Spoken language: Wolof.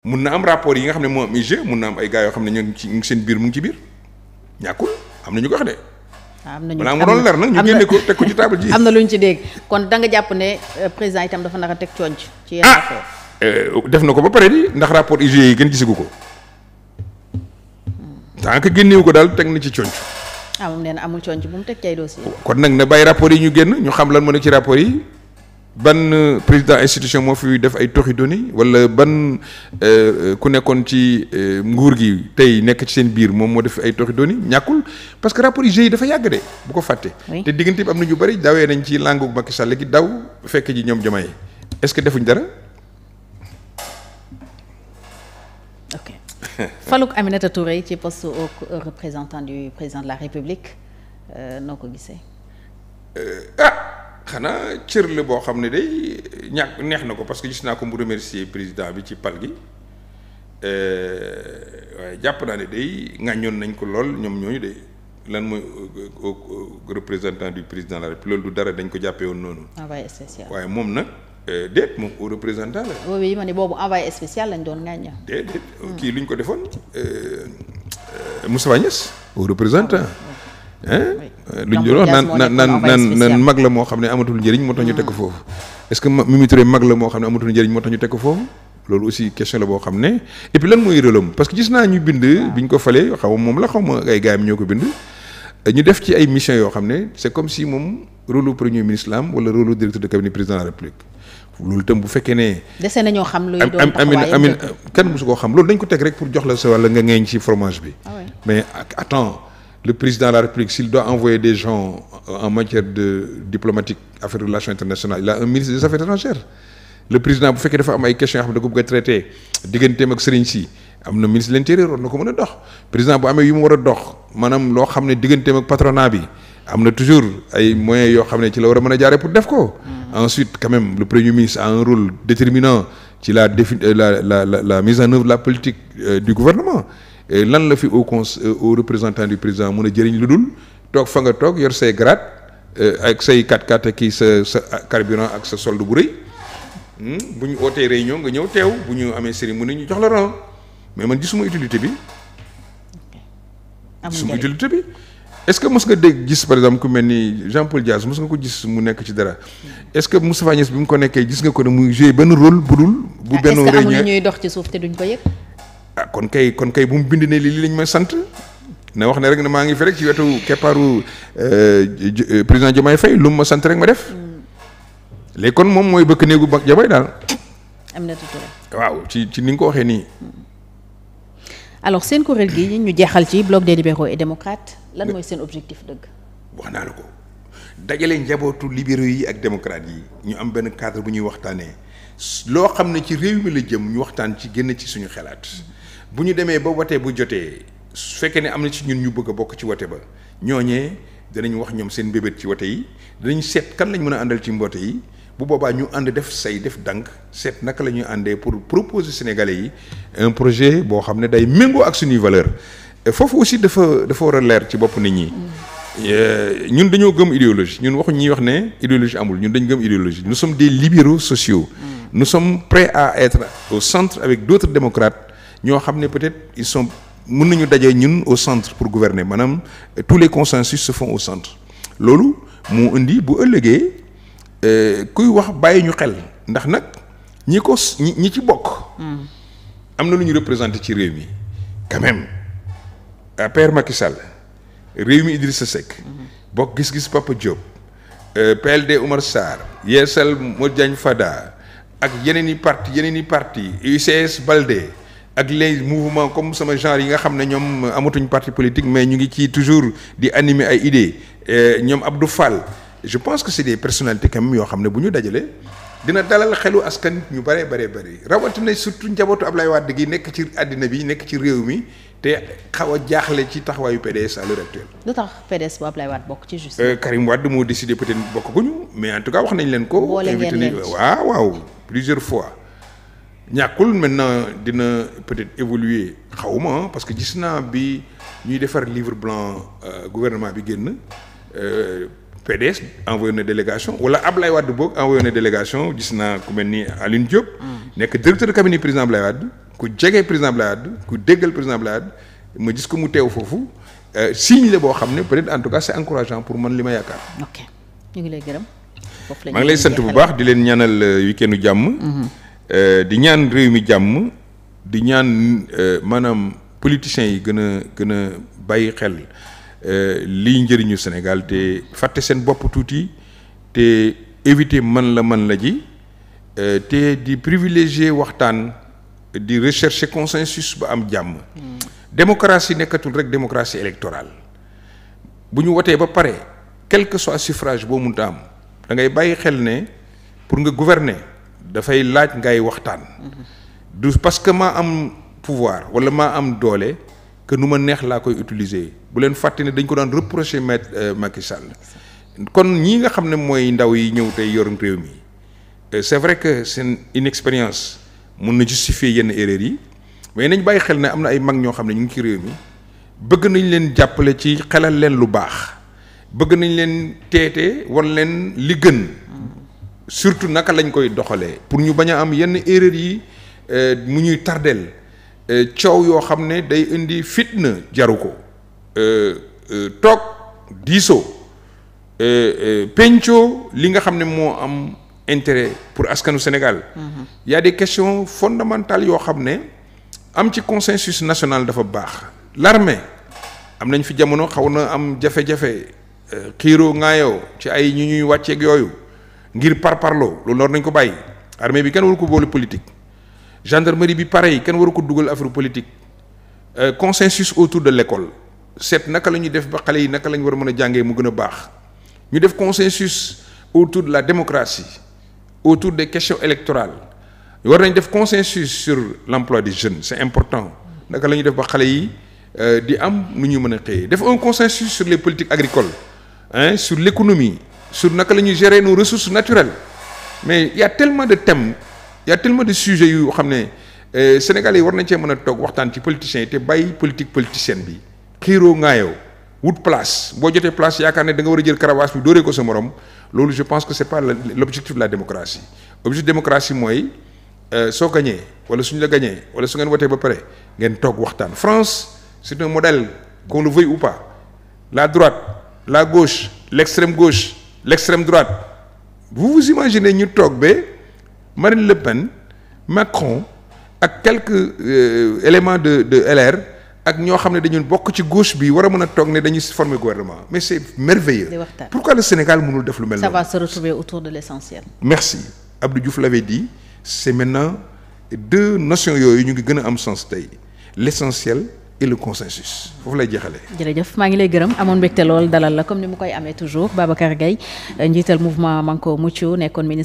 mun na am rapport yi nga xam ne moo am IG mun na am ay gars yoo xam ne ñu ngi ci ñu ngi seen biir mu ngi ci biir ñàkkul am na ñu ko wax de. Ah, am na ñu doon leer nag ñu génne ko teg ko ci am na lu ñu ci dégg kon danga jàpp ne euh, président itam dafa nar a teg cooñ ci yenn ah! affaire euh, def na ko ba pare di ndax rapport IG yi gën gisagu ko hmm. tant que génnewu ko daal teg na ci cooñ. ah moom nee na amul cooñ bu mu teg cay dossier. kon nag na bàyyi rapport yi ñu génn ñu xam lan moo nekk ci rapport yi. ban euh, président institution moo fi def ay toxi doni wala ban euh, euh, ku nekkoon ci nguur gi tey nekk ci seen biir moom moo def ay toxi doni ñàkkul parce que rapport e yi dafa yàgg de bu ko fàtte. te diggante bi am na ñu bëri dawee nañ ci langu Macky Sall gi daw fekk ji ñoom Diomaye est-ce que defuñ dara. ok Faluk Aminata Touré ci poste au représentant du président de la République noo ko gisee. Ah, xanaa cër la boo xam ne day ñàkk neex na ko parce que gis naa ko mu remercier président bi ci pal gi euh, jàpp naa ne day ŋàññoon nañ ko lool ñoom ñooñu de lan mooy représentant du président la République loolu du dara dañ ko jàppee woon noonu. envoyé spécial waaye moom nag euh, déet moom représentant la. boobu ma ne boobu envoyé spécial lañ doon ŋàñña. déet déet hmm. kii lu ñu ko defoon euh, Moussa Niass au représentant. Ah Euh, luñ doon wax naan naan naan naan mag la moo xam ne amatul njëriñ moo tax ñu teg foofu hmm. est-ce que Mimi mag la moo xam ne amatul njëriñ moo tax ñu teg ko foofu loolu aussi question la boo xam ne et puis lan mooy rëlam parce que gis naa ñu bind ah. biñ ko falee xaw ma moom la xaw ma ay gaayam ko bind euh, ñu def ci ay mission yoo xam ne c'est comme si moom rôle premier ministre am wala rôle directeur de cabinet président la république loolu itam bu fekkee ne. le président la République s'il doit envoyer des gens euh, en matière de diplomatique affaires de relations internationales il a un ministre des affaires étrangères le président bu fekkee dafa am ay questions yoo xam ne ko bëgg a traité digganteem ak sëriñ am na ministre de l'intérieur war na ko mën a dox président bu amee yu mu war a dox maanaam loo xam ne digganteem ak patronat bi am na toujours ay moyen yoo xam ne ci la war a mën a jaaree pour def ko. Mm. ensuite quand même le premier ministre a un la défi euh, la la la la en œuvre de la politique euh, lan la fi au conse euh, au représentant du président mun a jëriñ lu dul toog fa nga toog yor say grade euh, ak say kat kat kii sa sa carburant ak sa solde bu rëy hmm? bu ñu ootee réunion nga ñëw teew bu ñu amee cérémonie nañu jox la ron mais man gisuma utilité bi. gisuma utilité bi. est ce que mos nga dégg gis par exemple ku mel ni Jean Paul Diaz mos nga ko gis mu nekk ci dara hmm. est ce que Moustapha Niasse bi mu ko nekkee gis nga ko ne muy joué benn role bu dul. bu benn réunion est ce ñuy dox ci suuf te duñ Ah, kon kay kon kay bu mu bind ne lii lañ ma sant na wax ne rek ne maa ngi fi ci wetu keppaaru eh, eh, président Diomaye Faye lu mu ma sant rek ma def mm. léegi kon moom mooy bëkk néegu ba jabay daal. am na ci ci ni nga ko waxee nii. Mm. alors seen kuréel gi ñu jeexal ci bloc de libéraux et démocrates lan mooy seen objectif dëgg. wax naa la ko dajale njabootu libéraux yi ak démocrates yi ñu am benn cadre bu ñuy waxtaanee loo xam ne ci réew mi la jëm ñu waxtaan ci génn ci suñu xalaat. Mm. bu ñu demee ba wote bu jotee su fekkee ne am na ci ñun ñu bëgg a bokk ci wote ba ñooñee danañ wax ñoom seen bébét ci wote yi danañ seet kan lañ mën a àndal ci mboote yi bu boobaa ñu ànd def say def dànk seet naka la ñuy àndee pour proposer Sénégalais yi un projet boo xam ne day méngoo ak suñuy valeur foofu aussi dafa dafa war a leer ci bopp nit ñi. Euh, ñun dañoo gëm idéologie ñun waxuñ ñuy wax ne idéologie amul ñun dañu gëm idéologie nous sommes des libéraux sociaux. Mm. nous sommes prêts à être au centre avec d'autres démocrates. ñoo xam ne peut-être ils sont mën nañu daje ñun au centre pour gouverner maanaam euh, tous les consensus se font au centre loolu moo indi bu ëllëgee euh, kuy wax bàyyi ñu xel ndax nag ñi ko ñi ci bokk. Hmm. am na lu ñu représenté ci réew mi quand même APR réew mi Idrissa Seck. Hmm. bokk gis-gis Papa Diop. Euh, PLD Oumar Sarr. Yeesal Modou Diagne Fada ak yeneen i parti yeneen i parti UCS Balde. ak les mouvement comme sama genre yi nga xam ne ñoom amatuñ parti politique mais ñu ngi ci toujours di animer ay idées ñoom Abdou Fall je pense que c'est des personnalités quand yoo xam ne bu ñu dajale dina dalal xelu askan ñu bare bare bëri rawatina surtout njabootu Ablaye Wade gi nekk ci àddina bi nekk ci réew mi te xaw a jaaxle ci taxawaayu PDS à l'heure actuelle. lu tax PDS bu Ablaye Wade bokk ci juste. Euh, Karim Wade moo décidé peut-être bokk guñu mais en tout cas wax nañ ko. invité fois. ñàkkul maintenant dina peut-être évoluer xawma parce que gis naa bi ñuy defar livre blanc euh, gouvernement bi génn euh, PDS envoyé na délégation wala Ablaye Wade boog envoyé na délégation gis naa ku mel ni Alioune Diop. Mm. nekk directeur de cabinet président Ablaye Wade ku jege président Ablaye Wade ku déggal président Ablaye Wade ma gis ko mu teew foofu euh, signe la boo xam ne peut-être en tout cas c'est encourageant pour man li ma yaakaar. ok ñu ngi sant bu baax di leen ñanal week-endu jàmm. Mm-hmm. Euh, di ñaan réew mi jàmm di ñaan euh, maanaam politiciens yi gën a gën a bàyyi xel euh, lii njëriñu Sénégal te fàtte seen bopp tuuti te éviter man la man la ji te di privilégier waxtaan di rechercher consensus ba am jàmm. Mm. démocratie nekkatul rek démocratie électorale bu ñu wotee ba pare quelque que soit suffrage boo munta am da ngay bàyyi xel ne pour nga gouverner. dafay laaj ngay waxtaan. Mm-hmm. du parce que maa am pouvoir wala ma am doole que nu ma neex laa koy utiliser bu leen fàtte ne dañ ko daan reprocher maître euh, Macky Sall kon ñii nga xam ne mooy ndaw yi ñëw tey yorum réew mi euh, c'est vrai que seen inexpérience mun na justifier yenn erreurs yi mais nañ bàyyi xel ne am na ay mag ñoo xam ne ñu ngi ci réew mi bëgg nañ leen jàppale ci xelal leen lu baax bëgg nañ leen teete wan leen li gën. surtout naka lañ koy doxalee pour ñu bañ a am yenn erreur yi euh, mu ñuy tardeel euh, coow yoo xam ne day indi fitna jaru ko euh, toog diisoo pencoo li nga xam ne moo am intérêt pour askanu Sénégal mm-hmm. y a des questions fondamentales yoo xam ne am ci consensus national dafa baax larme am nañ fi jamono xaw na am jafe-jafe xiiroo ngaayoo ci ay ñu ñuy wàcceeg yooyu ngir par parloo loolu noonu nañ ko bàyyi armée bi kenn waru ko boole politique gendarmerie bi pareil kenn waru ko dugal affaire politique euh, consensus autour de l'école set naka la ñuy def ba xale yi naka la ñu war a mën a jàngee mu gën a baax ñu def consensus autour de la démocratie autour des question électorales war nañ def consensus sur l'emploi des jeunes c'est important naka la ñuy def ba xale yi euh, di am nu ñu mën a xëyee def un consensus sur les politiques agricoles hein sur l'économie sur naka la ñuy gérer nos ressources naturelles mais y a tellement de thèmes y a de sujets yu xam ne euh, Sénégalais yi war nañ cee mën a toog waxtaan ci politiciens yi te bàyyi politique politicienne bi xiiroo ngaayoo wut place boo jotee place yaakaar ne da nga war a jël karawaas bi dóoree ko sa morom loolu je pense que c'est pas l'objectif de la démocratie objectif démocratie mooy euh, soo gañee wala suñu la gañee wala su ngeen wotee ba pare ngeen toog waxtaan France c'est un modèle qu'on le veuille pas la droite la gauche l'extrême gauche l'extrême droite vous vous imaginez ñu toog ba Marine Le Pen Macron ak quelque euh, éléments de de LR ak ñoo xam ne dañu bokk ci gauche bi war a mën a toog ne dañu dañuy former gouvernement mais c'est merveilleux pourquoi le Sénégal mënul def lu mel noonu. ça va se de l'essentiel. merci Abdou Diouf l'avait dit c'est maintenant deux notions yooyu ñu ngi gën a am sens tey l'essentiel et le consensus maa ngi lay gërëm amoon mbégte lool dalal la comme ni mu koy amee toujours Babacar Gaye njiital mouvement Manko Muccu nekkoon ministre.